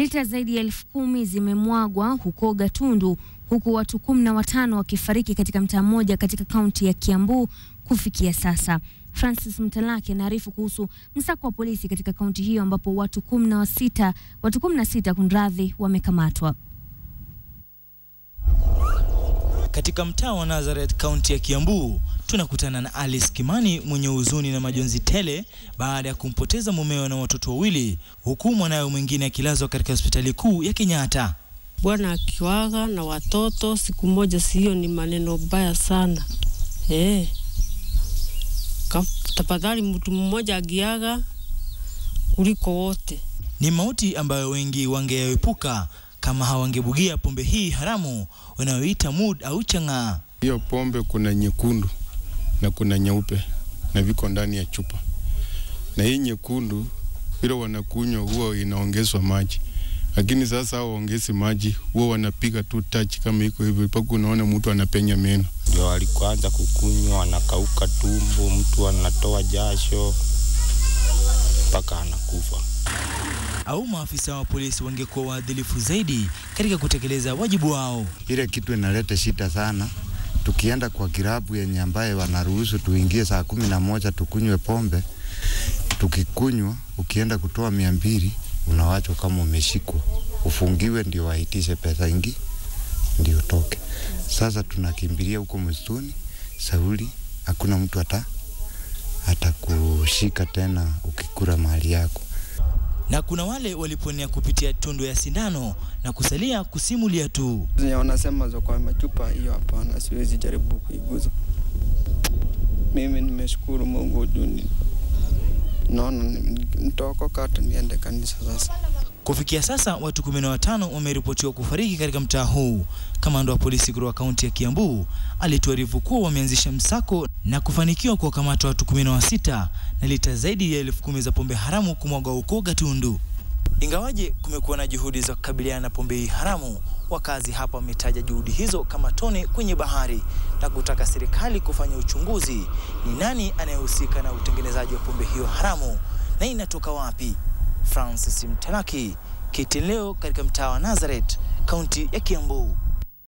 Lita zaidi ya elfu kumi zimemwagwa huko Gatundu, huku watu kumi na watano wakifariki katika mtaa mmoja katika kaunti ya Kiambu kufikia sasa. Francis Mtalaki anaarifu kuhusu msako wa polisi katika kaunti hiyo ambapo watu kumi na sita watu kumi na sita kunradhi wamekamatwa. Katika mtaa wa Nazareth, kaunti ya Kiambu, tunakutana na Alice Kimani mwenye huzuni na majonzi tele baada ya kumpoteza mumeo na watoto wawili, huku mwanawe mwingine akilazwa katika hospitali kuu ya Kenyatta. Bwana akiwaga na watoto siku moja, si hiyo ni maneno baya sana eh. Tafadhali mtu mmoja agiaga kuliko wote. Ni mauti ambayo wengi wangeyaepuka kama hawangebugia pombe hii haramu wanayoita mud au chang'aa. Hiyo pombe kuna nyekundu na kuna nyeupe na viko ndani ya chupa, na hii nyekundu ile wanakunywa huwa inaongezwa maji, lakini sasa hao waongezi maji, huwa wanapiga tu touch kama iko hivyo, mpaka unaona mtu anapenya meno. Ndio alikuanza kukunywa, anakauka tumbo, mtu anatoa jasho mpaka anakufa. Au maafisa wa polisi wangekuwa waadilifu zaidi katika kutekeleza wajibu wao. Ile kitu inaleta shida sana tukienda kwa kirabu yenye ambaye wanaruhusu tuingie saa kumi na moja tukunywe pombe, tukikunywa, ukienda kutoa mia mbili unawachwa kama umeshikwa, ufungiwe ndio waitishe pesa ingi ndio toke. Sasa tunakimbilia huko msituni, sauli hakuna mtu hata atakushika tena ukikura mali yako na kuna wale waliponea kupitia tundu ya sindano na kusalia kusimulia tu. Wanasema za kwa machupa hiyo, hapana, siwezi jaribu kuiguza. Mimi nimeshukuru Mungu juu naona nitaokoka hata niende kanisa sasa. Kufikia sasa watu 15 wameripotiwa kufariki katika mtaa huu. Kamanda wa polisi kutoka kaunti ya Kiambu alituarifu kuwa wameanzisha msako na kufanikiwa kuwakamata watu 16 na lita zaidi ya elfu kumi za pombe haramu kumwaga huko Gatundu. Ingawaje kumekuwa na juhudi za kukabiliana na pombe hii haramu, wakazi hapa wametaja juhudi hizo kama tone kwenye bahari na kutaka serikali kufanya uchunguzi ni nani anayehusika na utengenezaji wa pombe hiyo haramu na inatoka wapi. Francis Mtanaki, KTN leo katika mtaa wa Nazareth, kaunti ya Kiambu.